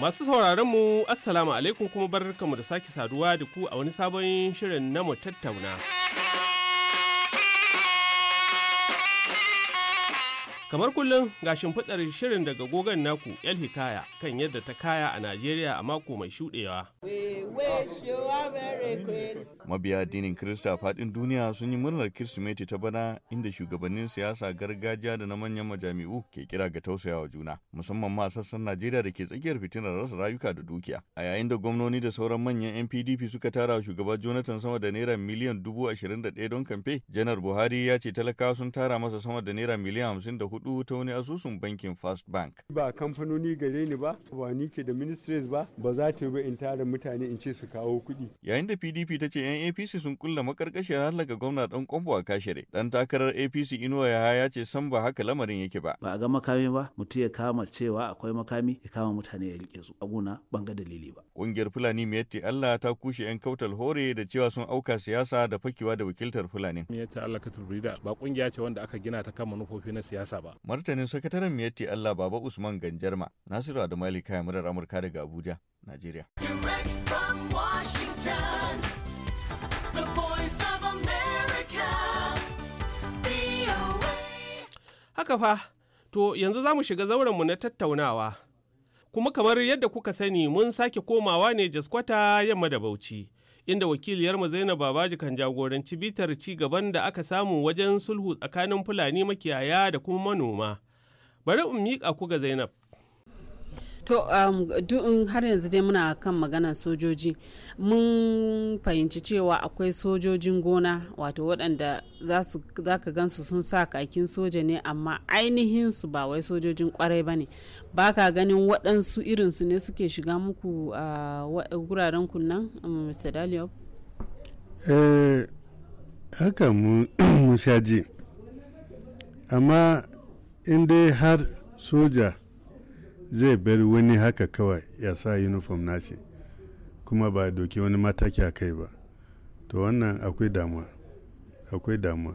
Masu sauraron mu Assalamu alaikum kuma barkamu da sake saduwa da ku a wani sabon shirin na mu tattauna. Kamar kullum ga shimfiɗar shirin daga gogon naku El Hikaya kan yadda ta kaya a Najeriya a mako mai shuɗewa. Mabiya addinin Kirista faɗin duniya sun yi murnar Kirsimeti ta bana inda shugabannin siyasa gargajiya da na manyan majami'u ke kira ga tausayawa juna musamman ma sassan Najeriya da ke tsakiyar fitinar rasa rayuka da dukiya. A yayin da gwamnoni da sauran manyan npdp suka tara shugaba Jonathan sama da naira miliyan dubu ashirin da ɗaya don kamfe, Janar Buhari ya ce talakawa sun tara masa sama da naira miliyan hamsin da hudu hudu ta wani asusun bankin First Bank. Ba kamfanoni gare ni ba, ba ni ke da ministries ba, ba za ta yi ba in tara mutane in ce su kawo kuɗi. Yayin da PDP ta ce 'yan APC sun kulla makarkashiyar hallaka gwamna ɗan kwambo a kashere. dan takarar APC Inuwa ya ya ce san ba haka lamarin yake ba. Ba a ga makami ba, mutum ya kama cewa akwai makami ya kama mutane ya rike su. Aguna ban ga dalili ba. Ƙungiyar Fulani Miyatti Allah ta kushe 'yan kautal hore da cewa sun auka siyasa da fakewa da wakiltar Fulani. Miyatti Allah Katul ba ƙungiya ce wanda aka gina ta kan manufofi na siyasa ba. ba. Martanin sakataren miyatti Allah Baba Usman Ganjarma, Nasiru Adamali kayan murar Amurka daga Abuja, Najeriya. Haka fa, to yanzu za mu shiga zaurenmu na tattaunawa. Kuma kamar yadda kuka sani mun sake komawa ne jaskwata yamma da bauchi. inda wakiliyarmu Zainab Babaji kan jagoranci bitar ci gaban da aka samu wajen sulhu tsakanin Fulani makiyaya da kuma manoma. Bari in miƙa ku ga Zainab. to um, har yanzu dai muna kan maganar sojoji mun fahimci cewa akwai sojojin gona wato waɗanda za ka gansu sun sa kakin soja ne amma ainihin su ba wai sojojin kwarai ba ne ba ka ganin waɗansu irinsu ne suke shiga muku a wuraren kunnan mr um, daliop eh, haka mun sha ji amma in dai har soja zai bar wani haka kawai ya sa uniform nace kuma ba doki wani mataki a kai ba to wannan akwai damuwa akwai damuwa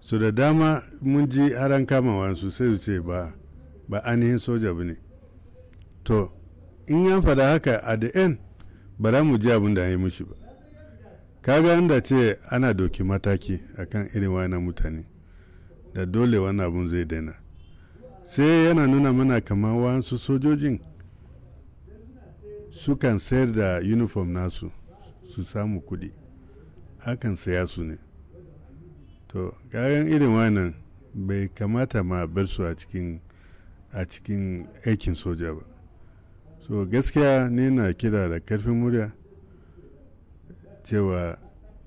su da dama mun ji haran kama wasu sai su ce ba ba ainihin soja ba ne to in ya fada haka a da 'yan ba za mu ji abin da an yi mushi ba kaga inda ce ana doki mataki akan irin wani mutane da dole wani abun zai daina sai yana nuna mana kama wasu sojojin sukan sayar da uniform nasu su samu kudi hakan saya su ne to kayan irin wannan bai kamata ma bar su a cikin a cikin aikin soja ba so gaskiya ne na kira da karfin murya cewa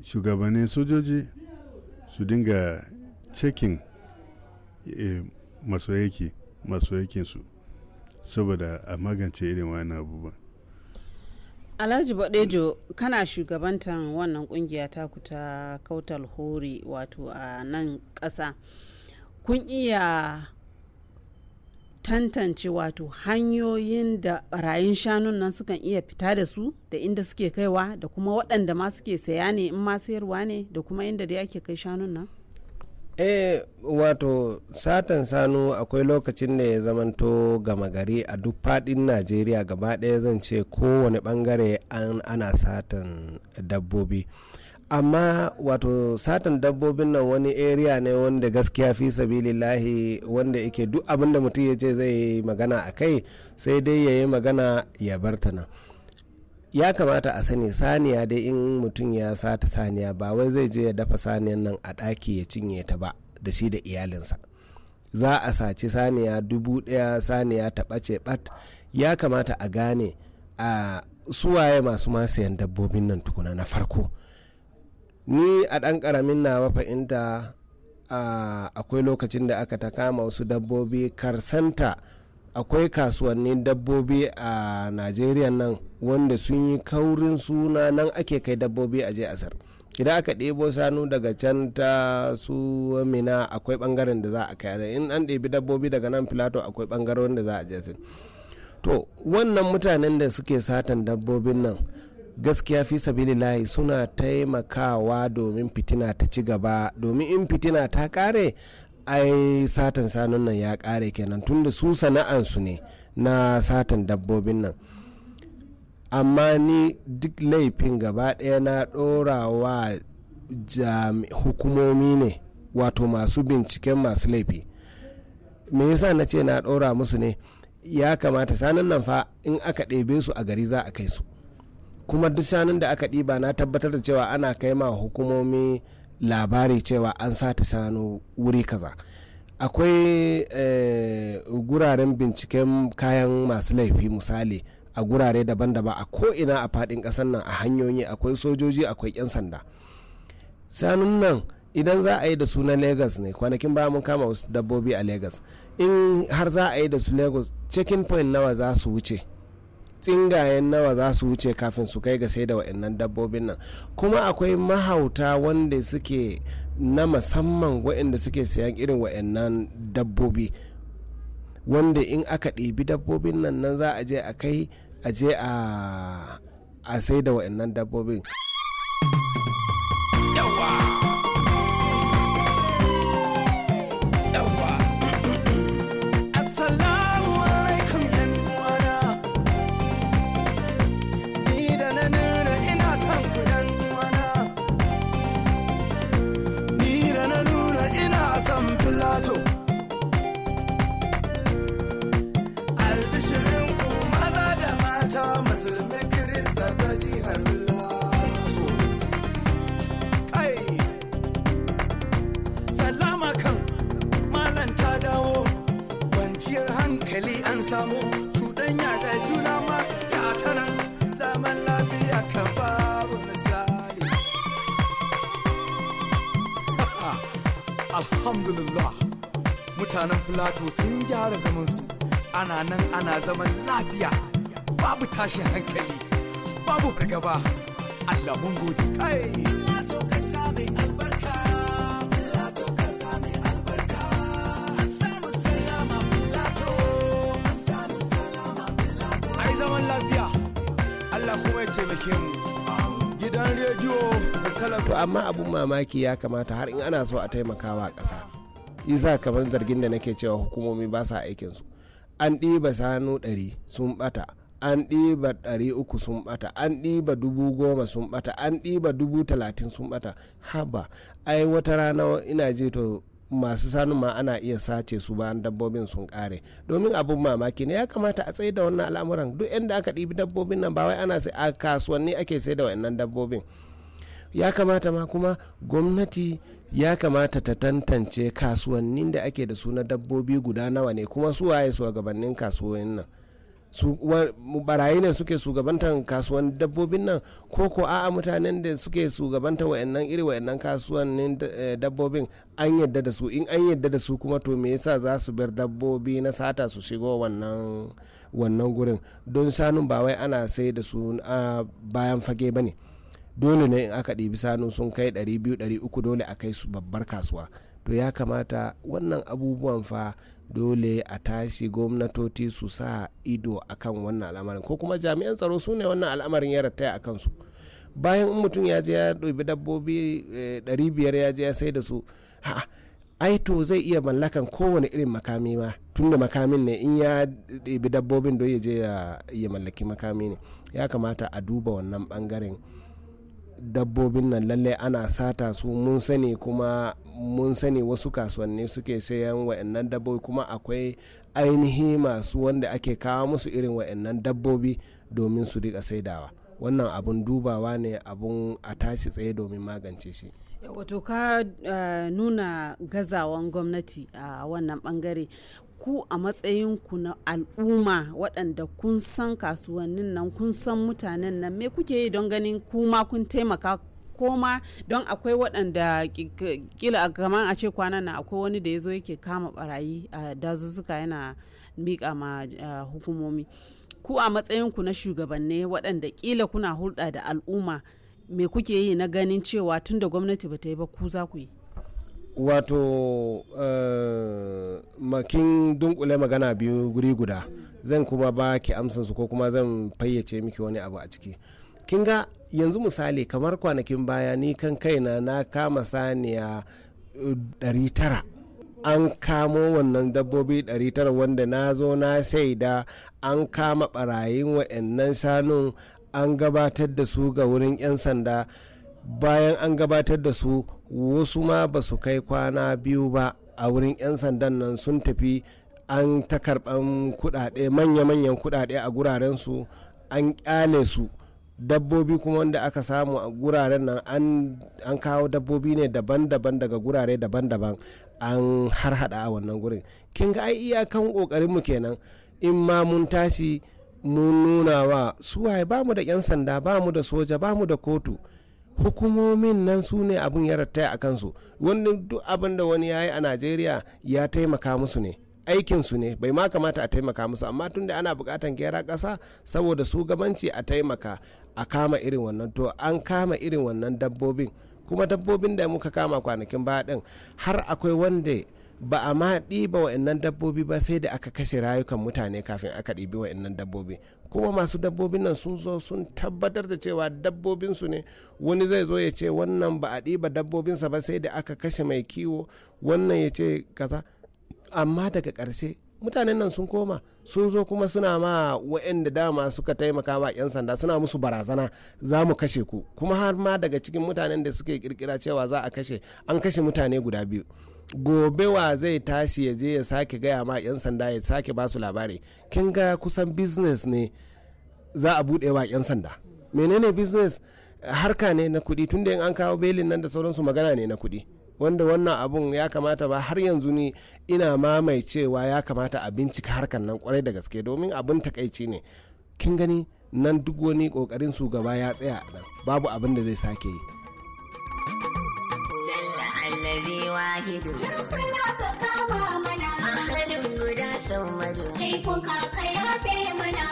shugabannin sojoji su dinga cikin masoyaki masoyakinsu saboda a magance irin wani abubuwan alhaji baɗejo kana shugabantan wannan kungiya ta kuta kautal hori wato a nan ƙasa kun iya tantance wato hanyoyin da rayun shanun nan sukan iya fita da su da inda suke kaiwa da kuma waɗanda ma suke saya ne in ma sayarwa ne da kuma inda da ake kai shanun nan e wato satan sanu akwai lokacin da ya zamanto gama gari a duk fadin najeriya gaba ɗaya zan ce kowane bangare ana satan dabbobi amma wato satan dabbobin nan wani area ne wanda gaskiya fi lahi wanda yake duk abinda mutum ya ce zai yi magana a kai sai dai ya yi magana ya bartana. nan ya kamata a sani saniya dai in mutum ya sata saniya ba wai zai je ya dafa saniyan nan a ɗaki ya cinye ta ba da shi da iyalinsa za a saci saniya dubu ɗaya saniya ta ɓace ɓat ya kamata a gane a suwaye masu yan dabbobin nan tukuna na farko ni a ɗan ƙaramin na fahimta akwai lokacin da aka ta kama wasu dabbobi karsanta akwai kasuwannin dabbobi a najeriya nan wanda sun yi kaurin suna nan ake kai dabbobi a je asar idan aka ɗebo sanu daga can ta su mina akwai ɓangaren da za a kai in an ɗebi dabbobi daga nan filato akwai ɓangaren da za a je asar to wannan mutanen da suke satan dabbobin nan gaskiya fi layi suna taimakawa domin fitina ta ci gaba domin in fitina ta kare ai satan sanun nan ya kare kenan tunda su sana'ansu ne na satan dabbobin nan amma ni duk laifin gaba ɗaya na ɗora wa hukumomi ne wato masu binciken masu laifi me yasa na ce na ɗora musu ne ya kamata sanan nan fa in aka ɗebe su a gari za a kai su kuma duk shanun da aka ɗiba na tabbatar da cewa ana kai ma hukumomi labari cewa an sata sanu wuri kaza akwai eh, guraren binciken kayan masu laifi misali a gurare daban-daban a ko'ina a faɗin ƙasar nan a hanyoyi akwai sojoji akwai 'yan sanda sanun nan idan za a yi da su na lagos ne kwanakin ba mun kama wasu dabbobi a lagos in har za a yi da su lagos checking point nawa za su wuce tsingayen nawa za su wuce kafin su kai ga sai da wa'annan dabbobin nan kuma akwai mahauta wanda suke na musamman wa'anda suke sayan irin wa'annan dabbobi wanda in aka ɗibi dabbobin nan nan za a je a kai a je a sai da wa'annan dabbobin yawa jama'a alhamdulillah mutanen filato sun gyara zaman su ana nan ana zaman lafiya babu tashin hankali babu fargaba allah mun gode kai filato ka zaman lafiya Allah kuma ya gidan rediyo amma abun mamaki ya kamata har in ana so a taimakawa ƙasa isa kamar zargin da nake cewa hukumomi ba sa aikinsu an ɗiba sanu ɗari sun ɓata an ɗiba ɗari uku sun ɓata an ɗiba dubu goma sun ɓata an ɗiba dubu talatin sun ɓata haba ai wata rana ina je to masu sanu ma ana iya sace su bayan dabbobin sun kare domin abun mamaki ne ya kamata a tsaye da wannan al'amuran duk inda aka ɗibi dabbobin nan ba wai ana sai a kasuwanni ake sai da wannan dabbobin ya kamata ma kuma gwamnati ya kamata ta tantance kasuwannin da ake da su na dabbobi guda nawa ne kuma su waye su gabanin kasuwannin nan barayi ne suke shugabantar kasuwan dabbobin nan ko ko a'a mutanen da suke shugabantar wa'annan iri wa'annan kasuwannin eh, dabbobin an yadda da su in an yadda da su kuma to me yasa za su bar dabbobi na sata su shigo wannan gurin don sanun ba wai ana sai da su a bayan fage bane dole ne in aka ɗibi sanu sun kai 200 300 dole a kai su babbar kasuwa to ya kamata wannan abubuwan fa dole a tashi gwamnatoci su sa ido akan wannan al'amarin ko kuma jami'an tsaro su ne wannan al'amarin ya rataya a kansu bayan in mutum ya je ya ɗobi dabbobi eh, biyar ya je ya sai da su ha ai to zai iya mallakan kowane irin makami ma tunda makamin ne in ya ɗebi dabbobin don ya je ya mallaki makami ne ya kamata a duba wannan bangaren dabbobin nan lalle ana sata su mun sani kuma mun sani wasu kasuwanni suke sayan wa'annan dabbobi kuma akwai ainihi masu wanda ake kawo musu irin wa'annan dabbobi domin su rika saidawa wannan abun dubawa ne abun a tashi tsaye domin magance shi wato ka eh, nuna gazawan gwamnati a wannan bangare ku a matsayinku na al'umma waɗanda kun san kasuwannin nan kun san mutanen nan me kuke yi don ganin kuma kun taimaka koma don akwai waɗanda kila kamar a ce kwanan nan akwai wani da ya zo yake kama barayi a dazuzzuka yana miƙa ma hukumomi ku a matsayinku na shugabanni waɗanda kila kuna hulɗa da al'umma me kuke yi na ganin cewa tunda gwamnati ba ta yi ba ku za ku yi wato uh, makin dunkule magana biyu guri guda zan kuma ba ki amsansu ko kuma zan fayyace miki wani abu a ciki kin ga yanzu misali kamar kwanakin baya ni kan kaina na kama saniya 900 eh, an kamo wannan dabbobi 900 wanda na zo na saida an kama barayin wa'annan shanun an gabatar da su ga wurin 'yan sanda bayan an gabatar da su wasu ma ba su kai kwana biyu ba a wurin 'yan sandan nan sun tafi an ta karban kudade manya-manyan kudade a gurarensu an kyale su dabbobi kuma wanda aka samu a guraren nan an kawo dabbobi ne daban-daban daga gurare daban-daban an har hada a wannan gurin kin ga ai iyakan ƙoƙarinmu kenan in ma mun tashi mun nuna wa suwaye ba mu da 'yan sanda ba mu da soja ba mu da kotu hukumomin nan su ne abin ya rattaya a kansu wani duk abin da wani ya yi a najeriya ya taimaka musu ne aikin su ne bai ma kamata a taimaka musu amma tunda ana bukatan gyara kasa saboda su gabanci a taimaka a kama irin wannan to an kama irin wannan dabbobin kuma dabbobin da muka kama kwanakin baya ɗin har akwai wanda ba a ma ɗiba wa'annan dabbobi ba sai da aka kashe rayukan mutane kafin aka ɗibi wa'annan dabbobi kuma masu dabbobin nan sun zo sun tabbatar da cewa dabbobinsu ne wani zai zo ya ce wannan ba a ɗiba dabbobinsa ba sai da aka kashe mai kiwo wannan ya ce kaza amma daga ƙarshe mutanen nan sun koma sun zo kuma suna ma wa'anda dama suka taimaka wa 'yan sanda suna musu barazana za mu kashe ku kuma har ma daga cikin mutanen da suke kirkira cewa za a kashe an kashe mutane guda biyu gobe wa zai tashi ya je ya sake gaya ma 'yan sanda ya sake ba su labari kin ga kusan business ne za a buɗe wa 'yan sanda menene business harka ne na kuɗi tunda in an kawo belin nan da sauransu magana ne na kuɗi wanda wannan abun ya kamata ba har yanzu ni ina mamai cewa ya kamata a bincika harkan nan kwarai da gaske domin abin takaici ne kin gani nan duk wani kokarin su gaba ya tsaya babu abin da zai sake yi allazi wahidu Rabbana mana guda sau sai mana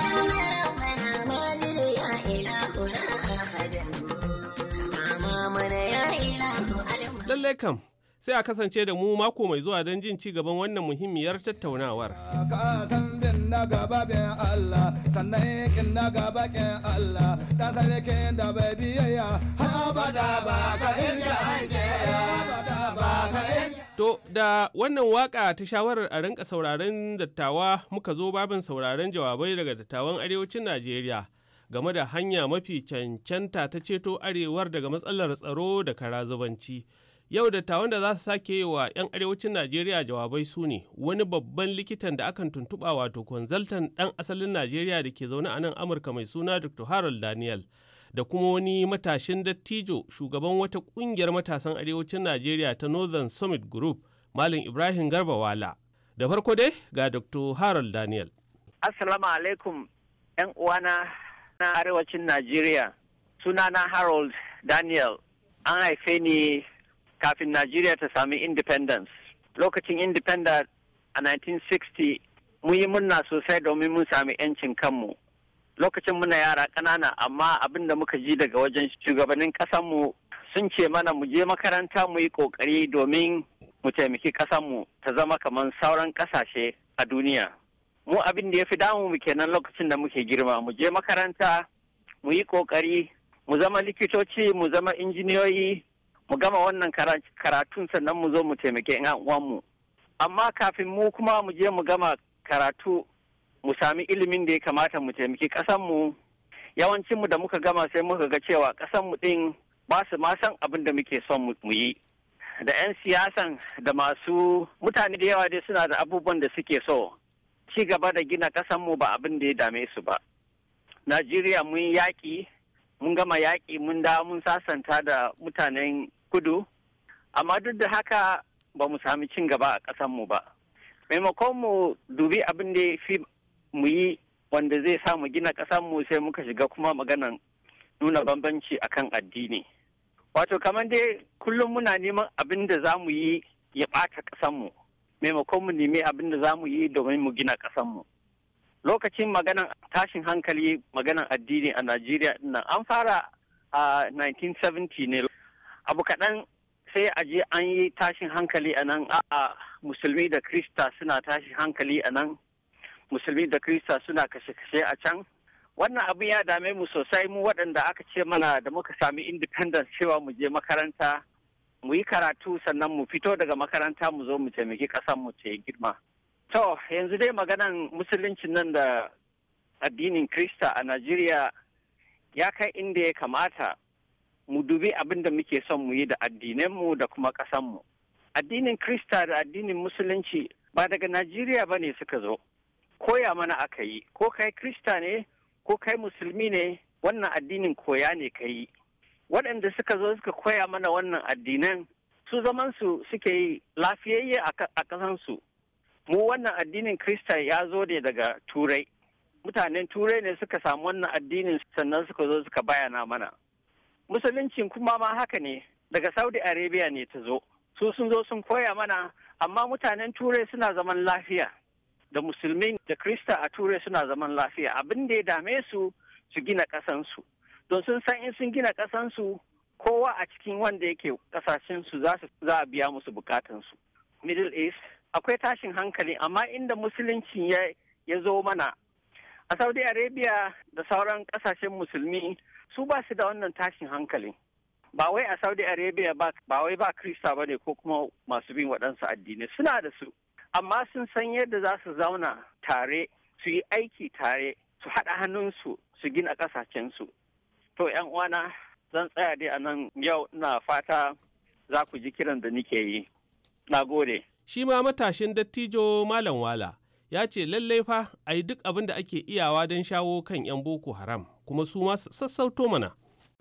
Lalle kam sai a kasance da mu mako mai zuwa don jin ci gaban wannan muhimmiyar tattaunawar. da bai ba To da wannan waka ta shawarar a rinka sauraren dattawa muka zo babin sauraren jawabai daga dattawan arewacin Najeriya game da hanya mafi cancanta ta ceto arewar daga matsalar tsaro da karazubanci. Yau dattawan da za su sake wa 'yan arewacin Najeriya jawabai su ne wani babban likitan da akan tuntuɓa wato konzaltan ɗan asalin Najeriya da ke zaune a nan Amurka mai suna Dr. Harold Daniel. da kuma wani matashin dattijo shugaban wata kungiyar matasan arewacin Najeriya ta Northern Summit Group, Malam Ibrahim Garba Wala. Da farko dai ga Dr. Harold Daniel. Assalamu alaikum, ‘yan uwana na arewacin Najeriya. Sunana Harold Daniel, an haife ni kafin Najeriya ta sami independence. Lokacin independence a 1960 mun yi murna sosai domin mun sami 'yancin kanmu. lokacin muna yara ƙanana amma abin da muka ji daga wajen shugabannin ƙasanmu sun ce mana mu je makaranta mu yi ƙoƙari domin mu taimaki ƙasanmu ta zama kamar sauran ƙasashe a duniya. Mu abin da ya fi damu mu kenan lokacin da muke girma mu je makaranta mu yi ƙoƙari mu zama likitoci mu zama injiniyoyi mu gama wannan karatun sannan mu zo mu taimaki 'yan uwanmu. Amma kafin mu kuma mu je mu gama karatu mu sami ilimin da ya kamata mu taimaki ƙasanmu yawancinmu da muka gama sai muka ga cewa ƙasanmu ɗin ba su ma san abin da muke son mu yi da 'yan siyasan da masu mutane da yawa dai suna da abubuwan da suke so ci gaba da gina ƙasanmu ba abin da ya dame su ba najeriya mun yaƙi mun gama yaƙi mun da mun sasanta da mutanen kudu amma duk da haka ba mu sami cin gaba a ƙasanmu ba maimakon mu dubi abin da fi mu yi wanda zai sa mu gina ƙasar mu sai muka shiga kuma maganan nuna bambanci akan addini wato kamar dai kullum muna neman abin da za mu yi ya ɓata kasanmu maimakon mu neme abin da za mu yi domin mu gina ƙasar mu lokacin maganan tashin hankali maganan addini a najeriya na an fara a 1970 ne abu kaɗan sai a je an yi tashin hankali a nan a musulmi da krista suna tashin hankali a nan musulmi da krista suna kashe-kashe a can wannan abin ya dame mu sosai mu waɗanda aka ce mana da muka sami independence cewa mu je makaranta mu yi karatu sannan mu fito daga makaranta mu zo mu taimaki ƙasar mu ce girma to yanzu dai maganan musuluncin nan da addinin krista a najeriya ya kai inda ya kamata mu dubi abin da muke son mu yi da mu da kuma mu addinin krista da addinin musulunci ba daga najeriya ba ne suka zo koya mana aka yi ko kai krista ne ko kai musulmi ne wannan addinin koya ne ka yi waɗanda suka zo suka koya mana wannan addinan su zamansu suke yi lafiyayye a ƙasansu mu wannan addinin krista ya zo ne daga turai mutanen turai ne suka samu wannan addinin sannan suka zo suka bayana mana musuluncin kuma ma haka ne daga saudi arabia ne ta zo su sun zo sun koya mana amma mutanen turai suna zaman lafiya da musulmi da krista a turai suna zaman lafiya abin da ya dame su su gina kasansu. don sun san in sun gina kasansu. kowa a cikin wanda yake su za a biya musu bukatansu middle east akwai tashin hankali amma inda musulunci ya zo mana a saudi arabia da sauran kasashen musulmi su ba su da wannan tashin hankali ba wai a saudi arabia ba wai ba krista ba ne ko kuma masu bin waɗansu addinai suna da su amma sun san yadda za su zauna tare su yi aiki tare su haɗa hannunsu su gina ƙasashensu to yan uwana zan tsaya dai a nan yau na fata za ku ji kiran da nike yi na gode shi ma matashin dattijo malam wala ya ce lallai fa a yi duk abin da ake iyawa don shawo kan 'yan boko haram kuma su ma sassauto mana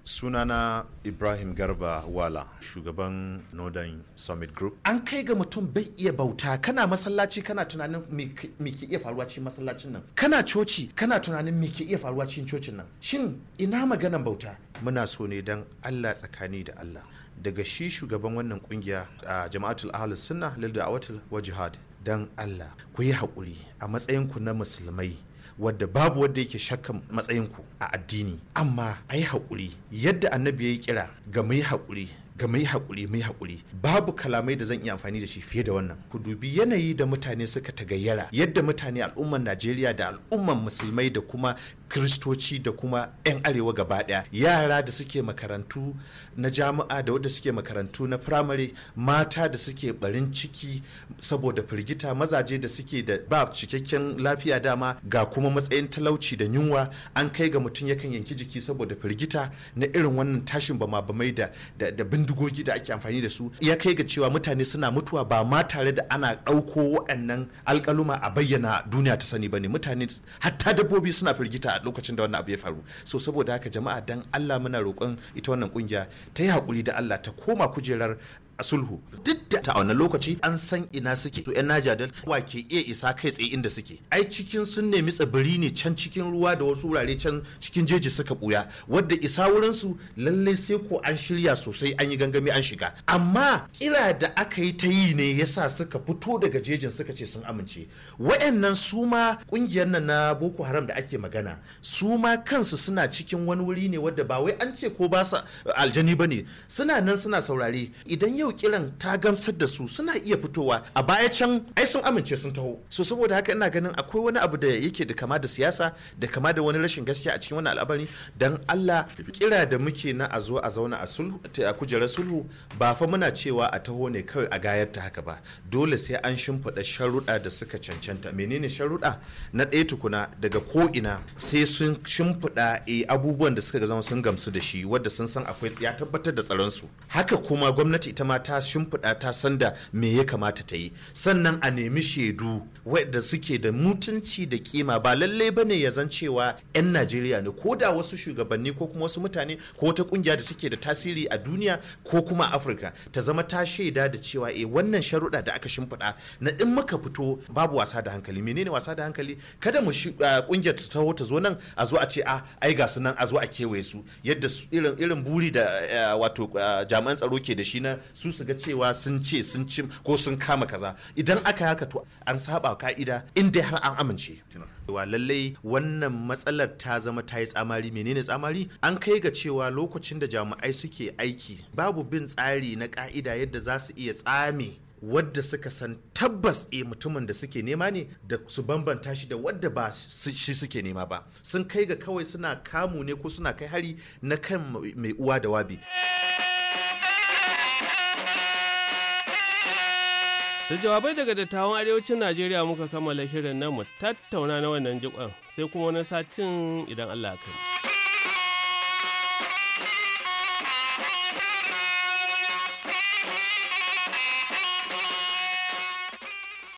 sunana ibrahim garba wala shugaban northern summit group an kai ga mutum bai iya bauta kana masallaci kana tunanin me ke iya faruwa cikin masallacin nan kana coci kana tunanin me ke iya faruwa cikin cocin nan shin ina maganan bauta muna so ne dan allah tsakani da allah daga shi shugaban wannan kungiya a jama'atul ahlus sunna lil da'awatul wa jihad dan allah ku yi haƙuri a matsayin ku na musulmai wadda babu wadda yake shakkan matsayinku a addini amma a yi haƙuri yadda annabi ya yi kira ga mu yi haƙuri ka mai haƙuri mai hakuri babu kalamai da zan iya amfani da shi fiye da wannan ku dubi yanayi da mutane suka tagayyara yadda mutane al'umman najeriya da al'umman musulmai da kuma kristoci da kuma 'yan arewa gaba daya yara da suke makarantu na jami'a da wadda suke makarantu na firamare mata da suke barin ciki saboda firgita mazaje da suke da ba cikakken lafiya dama ga kuma matsayin talauci da yunwa an kai ga mutum yakan yanki jiki saboda firgita na irin wannan tashin bama bamai da bindu madugogi da ake amfani da su ya kai ga cewa mutane suna mutuwa ba ma tare da ana ɗauko waɗannan alƙaluma a bayyana duniya ta sani bane mutane hatta dabbobi suna firgita a lokacin da wannan abu ya faru so saboda haka jama'a dan Allah muna roƙon ita wannan kungiya ta yi hakuri da Allah ta koma kujerar a sulhu duk da ta wannan lokaci an san ina suke to yan Niger Delta wa ke iya isa kai tsaye inda suke ai cikin sun nemi tsibiri ne can cikin ruwa da wasu wurare can cikin jeji suka buya wadda isa wurin su lallai sai ko an shirya sosai an yi gangami an shiga amma kira da aka yi ta yi ne yasa suka fito daga jejin suka ce sun amince waɗannan su ma ƙungiyar nan na Boko Haram da ake magana su ma kansu suna cikin wani wuri ne wadda ba wai an ce ko ba su aljani ba suna nan suna saurare idan yau yau ta gamsar da su suna iya fitowa a baya can ai sun amince sun taho so saboda haka ina ganin akwai wani abu da yake da kama da siyasa da kama da wani rashin gaskiya a cikin wani al'amari dan Allah kira da muke na a zo a zauna a sulhu a kujerar sulhu ba fa muna cewa a taho ne kawai a gayar ta haka ba dole sai an shimfiɗa sharuɗa da suka cancanta menene sharuɗa na ɗaya tukuna daga ko ina sai sun shimfiɗa e abubuwan da suka zama sun gamsu da shi wadda sun san akwai ya tabbatar da tsaron su haka kuma gwamnati ita ma ta shimfiɗa ta sanda me ya kamata ta yi sannan a nemi shaidu wadda suke da mutunci da kima ba lallai ba ne ya zan cewa 'yan najeriya ne ko da wasu shugabanni ko kuma wasu mutane ko wata kungiya da suke da tasiri a duniya ko kuma afirka ta zama ta shaida da cewa e wannan sharuɗa da aka shimfiɗa na in muka fito babu wasa da hankali menene wasa da hankali kada mu kungiyar ah, ta taho ta zo nan a zo a ce a ah, ai ga su nan a zo a kewaye su yadda irin irin buri da eh, wato ah, jami'an tsaro ke da shi na su su ga cewa sun ce sun cim ko sun kama kaza idan aka haka to an saba ka'ida in dai har an amince wa lallai wannan matsalar ta zama ta yi tsamari menene tsamari an kai ga cewa lokacin da jami'ai suke aiki babu bin tsari na ka'ida yadda za su iya tsame wadda suka san tabbas e mutumin da suke nema ne da su bambanta shi da wadda ba shi suke nema ba sun kai ga kawai suna kamu ne ko suna kai hari na kan mai uwa da wabi. Da jawabai daga dattawan arewacin Najeriya muka kammala shirin nan mu tattauna na wannan jikon sai kuma wani satin idan Allah ya kai.